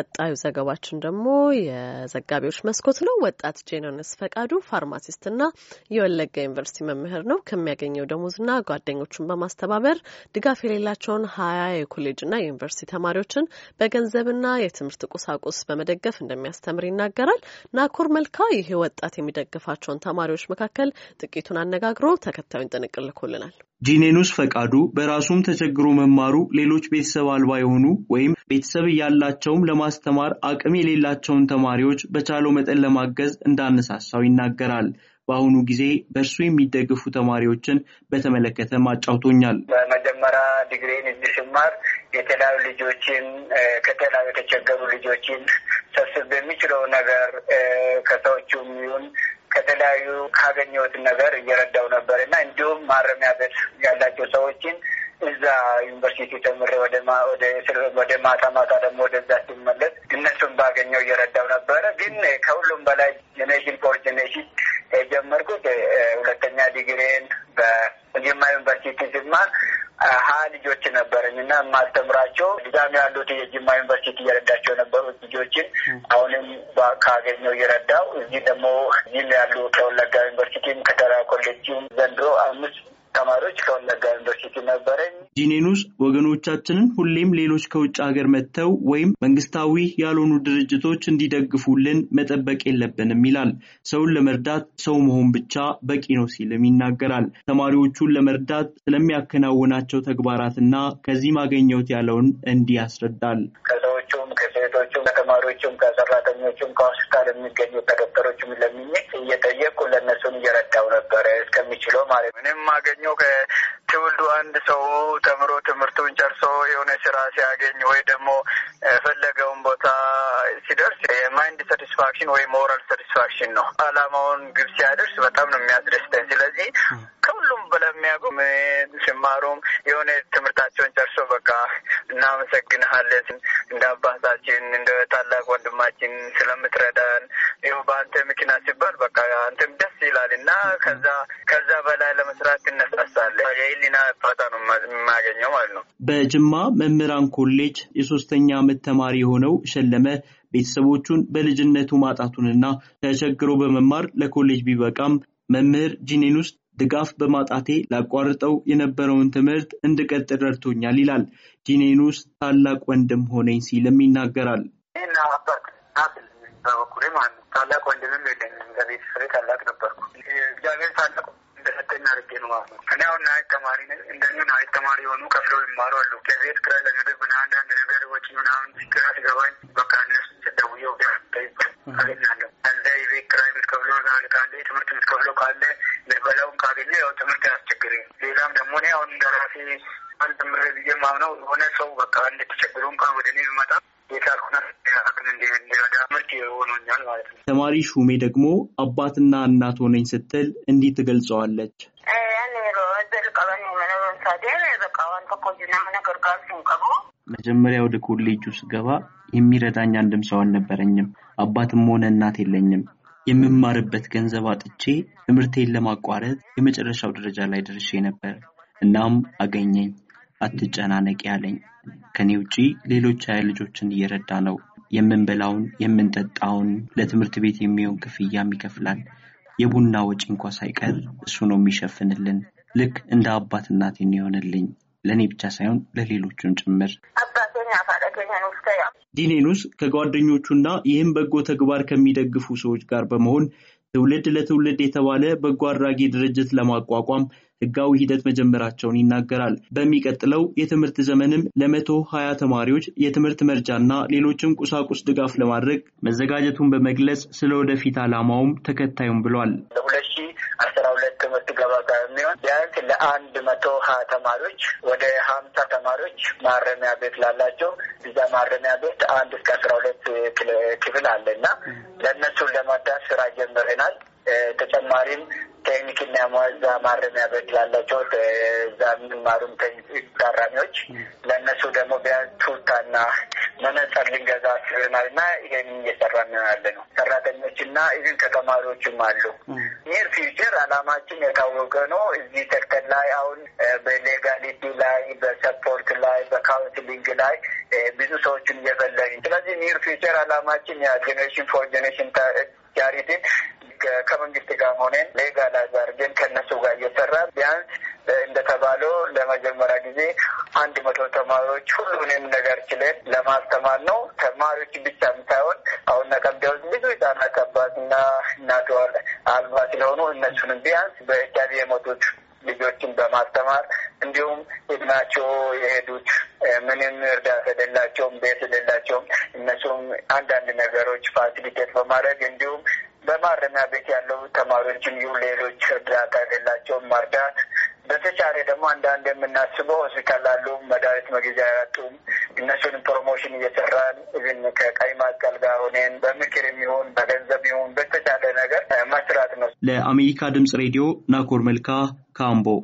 ቀጣዩ ዘገባችን ደግሞ የዘጋቢዎች መስኮት ነው። ወጣት ጄኖነስ ፈቃዱ ፋርማሲስትና የወለጋ ዩኒቨርሲቲ መምህር ነው። ከሚያገኘው ደሞዝና ጓደኞቹን በማስተባበር ድጋፍ የሌላቸውን ሀያ የኮሌጅና የዩኒቨርሲቲ ተማሪዎችን በገንዘብና የትምህርት ቁሳቁስ በመደገፍ እንደሚያስተምር ይናገራል። ናኮር መልካ ይሄ ወጣት የሚደግፋቸውን ተማሪዎች መካከል ጥቂቱን አነጋግሮ ተከታዩን ጥንቅልኮልናል ልኮልናል። ጂኔኑስ ፈቃዱ በራሱም ተቸግሮ መማሩ ሌሎች ቤተሰብ አልባ የሆኑ ወይም ቤተሰብ እያላቸውም ለማስተማር አቅም የሌላቸውን ተማሪዎች በቻለው መጠን ለማገዝ እንዳነሳሳው ይናገራል። በአሁኑ ጊዜ በእርሱ የሚደግፉ ተማሪዎችን በተመለከተ ማጫውቶኛል። በመጀመሪያ ዲግሪን እንዲስማር የተለያዩ ልጆችን ከተለያዩ የተቸገሩ ልጆችን ሰብስብ በሚችለው ነገር ከሰዎቹም ይሁን ከተለያዩ ካገኘሁት ነገር እየረዳው ነበር እና እንዲሁም ማረሚያ ቤት ያላቸው ሰዎችን እዛ ዩኒቨርሲቲ ተምሬ ወደ ወደ ማታ ማታ ደግሞ ወደዛ ሲመለስ እነሱን ባገኘው እየረዳው ነበረ። ግን ከሁሉም በላይ ጄኔሬሽን ፎር ጄኔሬሽን የጀመርኩት ሁለተኛ ዲግሪን በጅማ ዩኒቨርሲቲ ሲማር ሀያ ልጆች ነበረኝ እና የማስተምራቸው ድጋሚ ያሉት የጅማ ዩኒቨርሲቲ እየረዳቸው የነበሩ ልጆችን አሁንም ካገኘው እየረዳው እዚህ ደግሞ እዚህም ያሉ ከወለጋ ዩኒቨርሲቲም ከተራ ኮሌጅም ዘንድሮ አምስት ተማሪዎች ከወለጋ ዩኒቨርሲቲ ነበረ ጂኔኑስ ወገኖቻችንን ሁሌም ሌሎች ከውጭ ሀገር መጥተው ወይም መንግስታዊ ያልሆኑ ድርጅቶች እንዲደግፉልን መጠበቅ የለብንም ይላል። ሰውን ለመርዳት ሰው መሆን ብቻ በቂ ነው ሲልም ይናገራል። ተማሪዎቹን ለመርዳት ስለሚያከናውናቸው ተግባራትና ከዚህ ማገኘውት ያለውን እንዲህ ያስረዳል። ከሰዎቹም፣ ከሴቶቹም፣ ከተማሪዎቹም፣ ከሰራተኞቹም ከሆስፒታል የሚገኙ ሲያገኝ ወይ ደግሞ የፈለገውን ቦታ ሲደርስ የማይንድ ሳቲስፋክሽን ወይ ሞራል ሳቲስፋክሽን ነው። አላማውን ግብ ሲያደርስ በጣም ነው የሚያስደስተኝ። ስለዚህ ከሁሉም በላይ የሚያውቁም ሲማሩም የሆነ ትምህርታቸውን ጨርሶ በቃ እናመሰግንሃለን እንደ አባታችን እንደ ታላቅ ወንድማችን ስለምትረዳን ይኸው በአንተ ምክንያት ሲባል በቃ አንተም ደስ ደስ ይላል እና ከዛ ከዛ በላይ ለመስራት ትነሳሳለህ። የህሊና እርካታ ነው የማገኘው ማለት ነው። በጅማ መምህራን ኮሌጅ የሶስተኛ አመት ተማሪ የሆነው ሸለመ ቤተሰቦቹን በልጅነቱ ማጣቱንና ተቸግሮ በመማር ለኮሌጅ ቢበቃም መምህር ጂኔን ውስጥ ድጋፍ በማጣቴ ላቋርጠው የነበረውን ትምህርት እንድቀጥል ረድቶኛል ይላል። ጂኔን ውስጥ ታላቅ ወንድም ሆነኝ ሲልም ይናገራል። ይህና ታላቅ ወንድምም የለኝም። በቤተሰብ ታላቅ ነበርኩ። እግዚአብሔር ታላቅ እንደሰጠኝ አድርጌ ነው ማለት ነው። እኔ አሁን ናይት ተማሪ ነኝ። እንደኙ ናይት ተማሪ የሆኑ ከፍለው ይማሩ አሉ። ከቤት ክራ ለምድብ ና አንዳንድ ነገር ወጪ ምናምን ክራ ሲገባኝ በቃ እነሱ ስደውየ አገኛለሁ እንደ ቤት ክራ የምትከፍለው ነገር ካለ ትምህርት የምትከፍለው ካለ ልበላውን ካገኘ ያው ትምህርት አያስቸግረኝ። ሌላም ደግሞ እኔ አሁን እንደራሴ አንድ ምረ ብዬ ማምነው የሆነ ሰው በቃ እንድትቸግሩ እንኳን ወደ እኔ ብመጣ የቻልኩና ሆኖኛል ማለት ነው። ተማሪ ሹሜ ደግሞ አባትና እናት ሆነኝ ስትል እንዲህ ትገልጸዋለች። መጀመሪያ ወደ ኮሌጁ ስገባ የሚረዳኝ አንድም ሰው አልነበረኝም። አባትም ሆነ እናት የለኝም። የምማርበት ገንዘብ አጥቼ ትምህርቴን ለማቋረጥ የመጨረሻው ደረጃ ላይ ደርሼ ነበር። እናም አገኘኝ። አትጨናነቅ ያለኝ ከኔ ውጪ ሌሎች ሀያ ልጆችን እየረዳ ነው የምንበላውን የምንጠጣውን ለትምህርት ቤት የሚሆን ክፍያም ይከፍላል። የቡና ወጪ እንኳ ሳይቀር እሱ ነው የሚሸፍንልን። ልክ እንደ አባት እናቴ የሆነልኝ፣ ለእኔ ብቻ ሳይሆን ለሌሎቹን ጭምር። ዲኔኑስ ከጓደኞቹና ይህም በጎ ተግባር ከሚደግፉ ሰዎች ጋር በመሆን ትውልድ ለትውልድ የተባለ በጎ አድራጊ ድርጅት ለማቋቋም ህጋዊ ሂደት መጀመራቸውን ይናገራል። በሚቀጥለው የትምህርት ዘመንም ለመቶ ሀያ ተማሪዎች የትምህርት መርጃና ሌሎችም ቁሳቁስ ድጋፍ ለማድረግ መዘጋጀቱን በመግለጽ ስለ ወደፊት ዓላማውም ተከታዩም ብሏል። አንድ መቶ ሀያ ተማሪዎች ወደ ሀምሳ ተማሪዎች ማረሚያ ቤት ላላቸው እዛ ማረሚያ ቤት አንድ እስከ አስራ ሁለት ክፍል አለ እና ለእነሱን ለማዳስ ስራ ጀምረናል። ተጨማሪም ቴክኒክና ሞዛ ማረሚያ ቤት ላላቸው እዛ የሚማሩም ታራሚዎች ለእነሱ ደግሞ ቢያንስ ቱታና መነጸር ልንገዛ አስበናል እና ይሄን እየሰራ ያለ ነው። ሰራተኞች እና ኢቭን ከተማሪዎችም አሉ። ኒር ፊውቸር አላማችን የታወቀ ነው። እዚህ ተክተል ላይ አሁን በሌጋሊቲ ላይ፣ በሰፖርት ላይ፣ በካውንስሊንግ ላይ ብዙ ሰዎችን እየፈለግን ስለዚህ ኒር ፊውቸር አላማችን ጄኔሬሽን ፎር ጀኔሬሽን ቻሪቲን ከመንግስት ጋር ሆነን ሌጋል አድርገን ከነሱ ጋር እየሰራ ቢያንስ እንደተባለው ለመጀመሪያ ጊዜ አንድ መቶ ተማሪዎች ሁሉንም ነገር ችለን ለማስተማር ነው። ተማሪዎች ብቻም ሳይሆን አሁን ነቀምደውዝ እናገዋለን አልባ ስለሆኑ እነሱንም ቢያንስ በኤችአይቪ አይቪ የሞቱት ልጆችን በማስተማር እንዲሁም እድናቸው የሄዱት ምንም እርዳታ የሌላቸውም ቤት የሌላቸውም እነሱም አንዳንድ ነገሮች ፋሲሊቴት በማድረግ እንዲሁም በማረሚያ ቤት ያለው ተማሪዎችም ይሁን ሌሎች እርዳታ የሌላቸውም መርዳት በተቻለ ደግሞ አንዳንድ የምናስበው ሆስፒታል ላሉ መድኃኒት መግዣ ያጡም እነሱን ፕሮሞሽን እየሰራን ግን ከቀይ ማቀል ጋር ሆነን በምክር የሚሆን በገንዘብ ይሁን በተቻለ ነገር መስራት ነው። ለአሜሪካ ድምጽ ሬዲዮ ናኮር መልካ ካምቦ